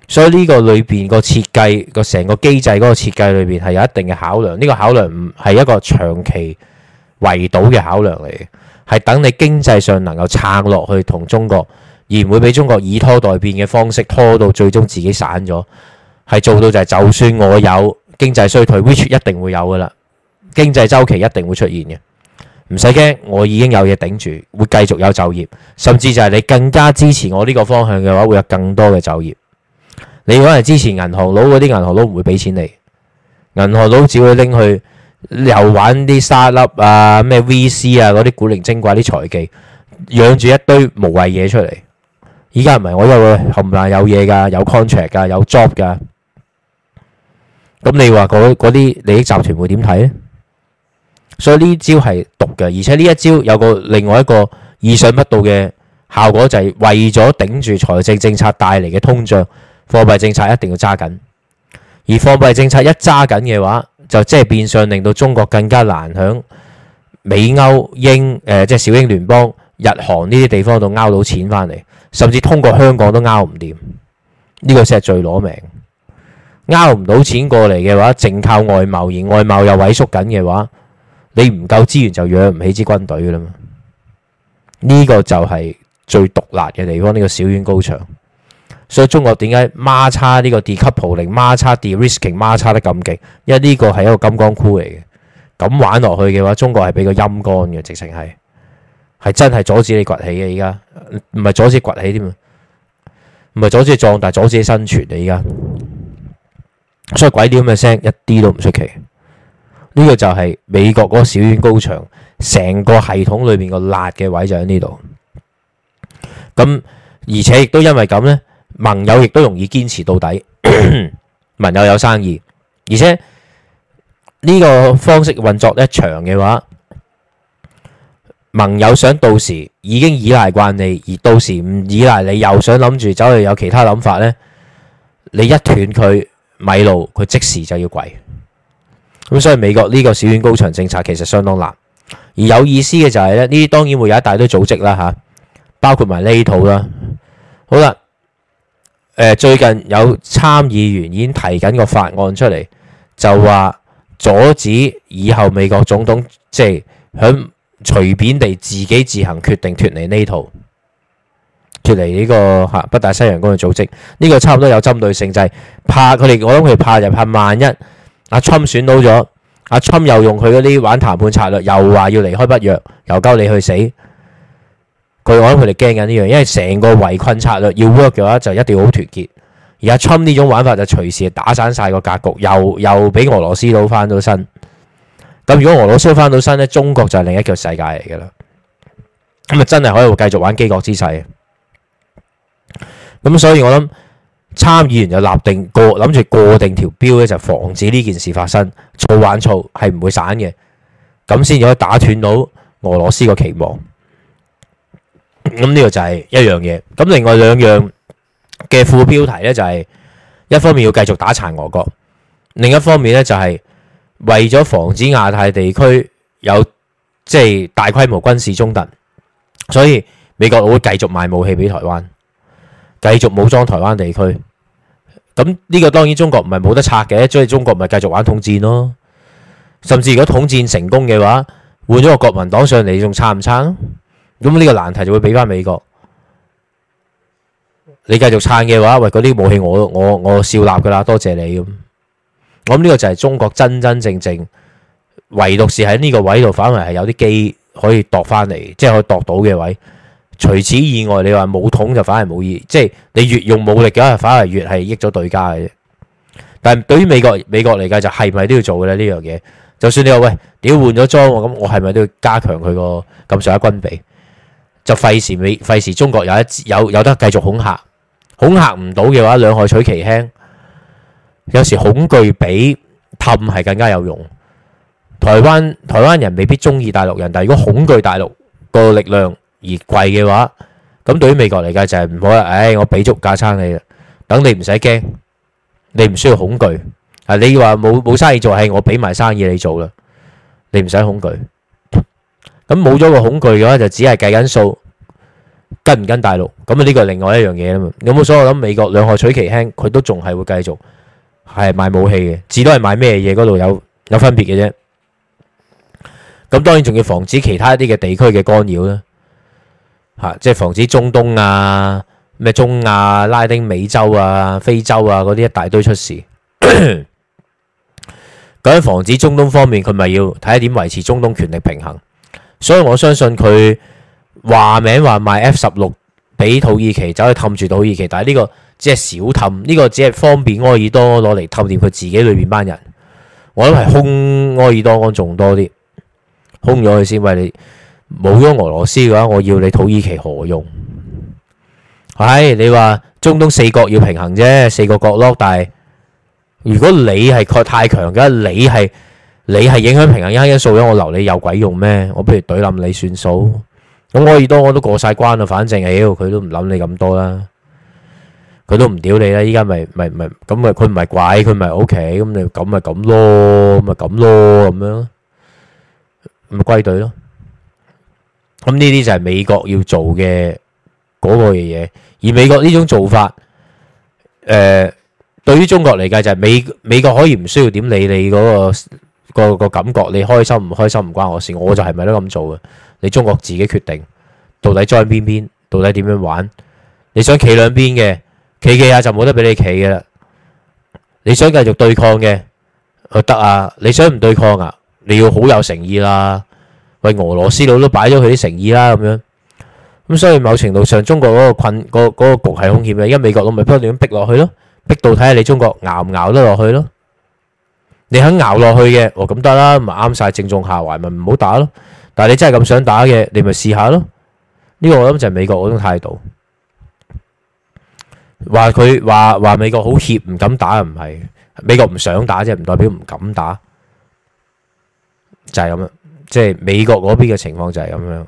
A: 所以呢個裏邊個設計個成個機制嗰個設計裏邊係有一定嘅考量，呢、這個考量唔係一個長期圍堵嘅考量嚟嘅，係等你經濟上能夠撐落去同中國。而唔會俾中國以拖待變嘅方式拖到最終自己散咗，係做到就係，就算我有經濟衰退，which 一定會有噶啦，經濟周期一定會出現嘅，唔使驚，我已經有嘢頂住，會繼續有就業，甚至就係你更加支持我呢個方向嘅話，會有更多嘅就業。你可能支持銀行佬嗰啲銀行佬唔會俾錢你，銀行佬只會拎去遊玩啲 startup 啊，咩 VC 啊嗰啲古靈精怪啲財技，養住一堆無謂嘢出嚟。依家唔係，我因為冚唪唥有嘢㗎，有 contract 㗎，有 job 噶。咁你話嗰啲利益集團會點睇咧？所以呢招係毒嘅，而且呢一招有個另外一個意想不到嘅效果，就係為咗頂住財政政策帶嚟嘅通脹，貨幣政策一定要揸緊。而貨幣政策一揸緊嘅話，就即係變相令到中國更加難響美歐英誒，即係小英聯邦、日韓呢啲地方度摳到錢翻嚟。甚至通過香港都鈎唔掂，呢個先係最攞命。鈎唔到錢過嚟嘅話，淨靠外貿，而外貿又萎縮緊嘅話，你唔夠資源就養唔起支軍隊㗎喇嘛。呢個就係最獨立嘅地方，呢個小院高牆。所以中國點解孖叉呢個 decoupling、孖叉 de-risking、孖叉得咁勁？因為呢個係一個金剛箍嚟嘅。咁玩落去嘅話，中國係比較陰乾嘅，直情係。係真係阻止你崛起嘅，而家唔係阻止崛起添啊，唔係阻止你壯大，阻止，壯阻止你生存，你而家所以鬼啲咁嘅聲，一啲都唔出奇。呢、呢個就係美國嗰個小院高牆成個系統裏面個辣嘅位就喺呢度。咁而且亦都因為咁呢，盟友亦都容易堅持到底， 盟友有生意，而且呢、呢個方式運作一長嘅話。盟友想到時已經依賴慣你，而到時唔依賴你又想諗住走去有其他諗法呢。你一斷佢米路，佢即時就要跪。咁所以美國呢個小院高牆政策其實相當難。而有意思嘅就係、是、咧，呢啲當然會有一大堆組織啦嚇，包括埋呢套啦。好啦、呃，最近有參議員已經提緊個法案出嚟，就話阻止以後美國總統即係響。就是隨便地自己自行決定脫離呢套，脫離呢、這個嚇、啊、北大西洋公約組織，呢、這個差唔多有針對性就係、是，怕佢哋，我諗佢哋怕就怕萬一阿侵、啊、選到咗，阿、啊、侵又用佢嗰啲玩談判策略，又話要離開北約，又交你去死，佢我諗佢哋驚緊呢樣，因為成個圍困策略要 work 嘅話，就一定好團結，而阿侵呢種玩法就隨時打散晒個格局，又又俾俄羅斯佬翻到身。咁如果俄羅斯翻到身咧，中國就係另一個世界嚟嘅啦。咁啊真係可以繼續玩雞國之勢。咁所以我諗，參議員就立定過諗住過定條標咧，就是、防止呢件事發生。操玩操係唔會散嘅，咁先可以打斷到俄羅斯個期望。咁呢個就係一樣嘢。咁另外兩樣嘅副標題咧就係、是，一方面要繼續打殘俄國，另一方面咧就係、是。為咗防止亞太地區有即係、就是、大規模軍事衝突，所以美國會繼續賣武器俾台灣，繼續武裝台灣地區。咁呢個當然中國唔係冇得拆嘅，所以中國唔係繼續玩統戰咯。甚至如果統戰成功嘅話，換咗個國民黨上嚟，你仲撐唔撐？咁呢個難題就會俾翻美國。你繼續撐嘅話，喂、哎，嗰啲武器我我我笑納噶啦，多謝你咁。咁呢個就係中國真真正正，唯獨是喺呢個位度，反而係有啲機可以奪翻嚟，即係可以奪到嘅位。除此以外，你話武統就反而冇意義，即係你越用武力嘅話，反而是越係益咗對家嘅啫。但係對於美國美國嚟講，就係咪都要做嘅呢呢樣嘢？就算你話喂，屌換咗裝喎，咁我係咪都要加強佢個咁上下軍備？就費事美費事中國有一有有得繼續恐嚇，恐嚇唔到嘅話，兩害取其輕。有時恐懼比氹係更加有用。台灣台灣人未必中意大陸人，但係如果恐懼大陸個力量而貴嘅話，咁對於美國嚟講就係唔好啦。唉，我俾足架撐你啦，等你唔使驚，你唔需要恐懼啊。你話冇冇生意做係我俾埋生意你做啦，你唔使恐懼。咁冇咗個恐懼嘅話，就只係計緊數跟唔跟大陸咁啊？呢個係另外一樣嘢啊嘛。有冇所謂？我諗美國兩害取其輕，佢都仲係會繼續。係賣武器嘅，至多係賣咩嘢嗰度有有分別嘅啫。咁當然仲要防止其他一啲嘅地區嘅干擾啦，吓、啊、即係防止中東啊、咩中亞、啊、拉丁美洲啊、非洲啊嗰啲一大堆出事。咁樣 防止中東方面，佢咪要睇下點維持中東權力平衡。所以我相信佢話名話賣 F 十六俾土耳其，走去氹住土耳其，但係呢、這個。即係少氹，呢個只係方便埃爾多安攞嚟氹掂佢自己裏邊班人。我諗係空埃爾多安仲多啲，空咗佢先。喂，你冇咗俄羅斯嘅話，我要你土耳其何用？唉，你話中東四國要平衡啫，四個角落。但係如果你係確太強嘅，你係你係影響平衡因素，我留你有鬼用咩？我不如懟冧你算數。咁埃爾多安都過晒關啦，反正妖佢都唔諗你咁多啦。佢都唔屌你啦！依家咪咪咪咁咪佢唔係鬼，佢唔係 O K，咁你咁咪咁咯，咪咁咯，咁樣咪歸隊咯。咁呢啲就係美國要做嘅嗰個嘅嘢。而美國呢種做法，誒，對於中國嚟計就係美美國可以唔需要點理你嗰個個個感覺，你開心唔開心唔關我事，我就係咪都咁做嘅。你中國自己決定到底裝喺邊邊，到底點樣玩，你想企兩邊嘅。企企下就冇得俾你企嘅啦，你想繼續對抗嘅，就得啊，你想唔對抗啊，你要好有誠意啦，喂俄羅斯佬都擺咗佢啲誠意啦咁樣，咁所以某程度上中國嗰個困，個嗰個局係兇險嘅，因為美國佬咪不斷咁逼落去咯，逼到睇下你中國熬唔熬得落去咯，你肯熬落去嘅，哦咁得啦，咪啱晒正中下懷咪唔好打咯，但係你真係咁想打嘅，你咪試下咯，呢個我諗就係美國嗰種態度。話佢話話美國好怯唔敢打，唔係美國唔想打即係，唔代表唔敢打，就係咁樣。即係美國嗰邊嘅情況就係咁樣，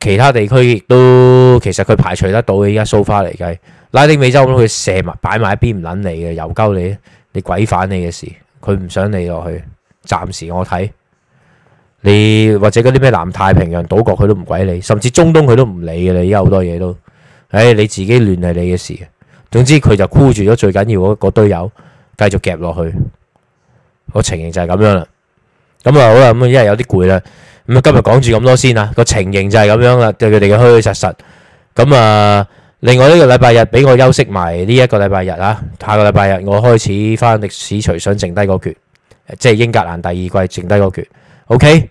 A: 其他地區亦都其實佢排除得到嘅。依家蘇花嚟計，拉丁美洲咁佢射埋擺埋一邊唔捻你嘅，又鳩你，你鬼反你嘅事，佢唔想你落去。暫時我睇你或者嗰啲咩南太平洋島國，佢都唔鬼理你，甚至中東佢都唔理嘅啦。依家好多嘢都。誒、哎，你自己亂係你嘅事，總之佢就箍住咗最緊要嗰個堆友，繼續夾落去，個情形就係咁樣啦。咁啊好啦，咁因為有啲攰啦，咁啊今日講住咁多先啦，個情形就係咁樣啦，對佢哋嘅虛虛實實。咁啊，另外呢個禮拜日俾我休息埋呢一個禮拜日啊，下個禮拜日我開始返歷史，隨想剩低個決，即係英格蘭第二季剩低個決。OK。